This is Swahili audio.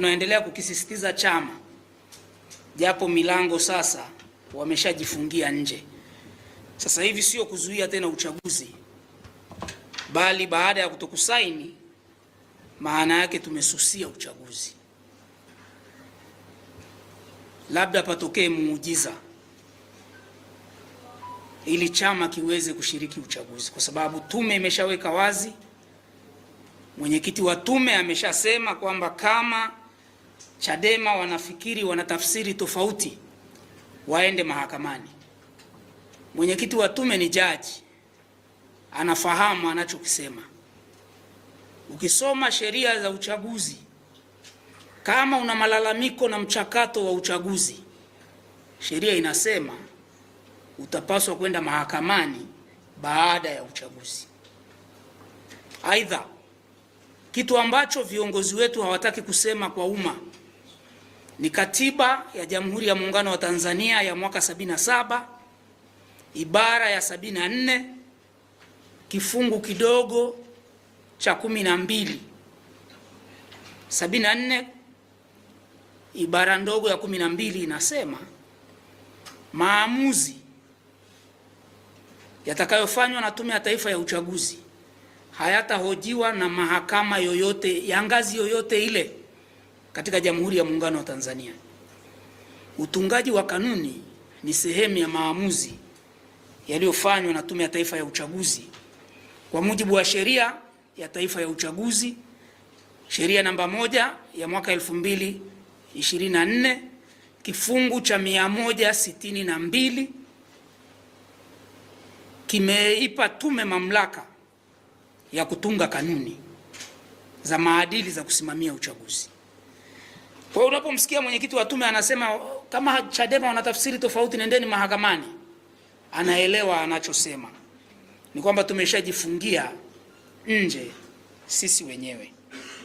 Tunaendelea kukisisitiza chama, japo milango sasa wameshajifungia nje. Sasa hivi sio kuzuia tena uchaguzi, bali baada ya kutokusaini, maana yake tumesusia uchaguzi. Labda patokee muujiza ili chama kiweze kushiriki uchaguzi, kwa sababu tume imeshaweka wazi, mwenyekiti wa tume ameshasema kwamba kama Chadema wanafikiri wanatafsiri tofauti, waende mahakamani. Mwenyekiti wa tume ni jaji, anafahamu anachokisema. Ukisoma sheria za uchaguzi, kama una malalamiko na mchakato wa uchaguzi, sheria inasema utapaswa kwenda mahakamani baada ya uchaguzi. Aidha, kitu ambacho viongozi wetu hawataki kusema kwa umma ni katiba ya Jamhuri ya Muungano wa Tanzania ya mwaka 77 ibara ya 74 kifungu kidogo cha 12, 74 ibara ndogo ya 12 inasema maamuzi yatakayofanywa na Tume ya Taifa ya Uchaguzi hayatahojiwa na mahakama yoyote ya ngazi yoyote ile katika Jamhuri ya Muungano wa Tanzania. Utungaji wa kanuni ni sehemu ya maamuzi yaliyofanywa na Tume ya Taifa ya Uchaguzi kwa mujibu wa Sheria ya Taifa ya Uchaguzi, sheria namba moja ya mwaka 2024 kifungu cha 162 kimeipa tume mamlaka ya kutunga kanuni za maadili za kusimamia uchaguzi. Kwa hiyo unapomsikia mwenyekiti wa tume anasema kama Chadema wanatafsiri tofauti, nendeni mahakamani, anaelewa anachosema. Ni kwamba tumeshajifungia nje sisi wenyewe.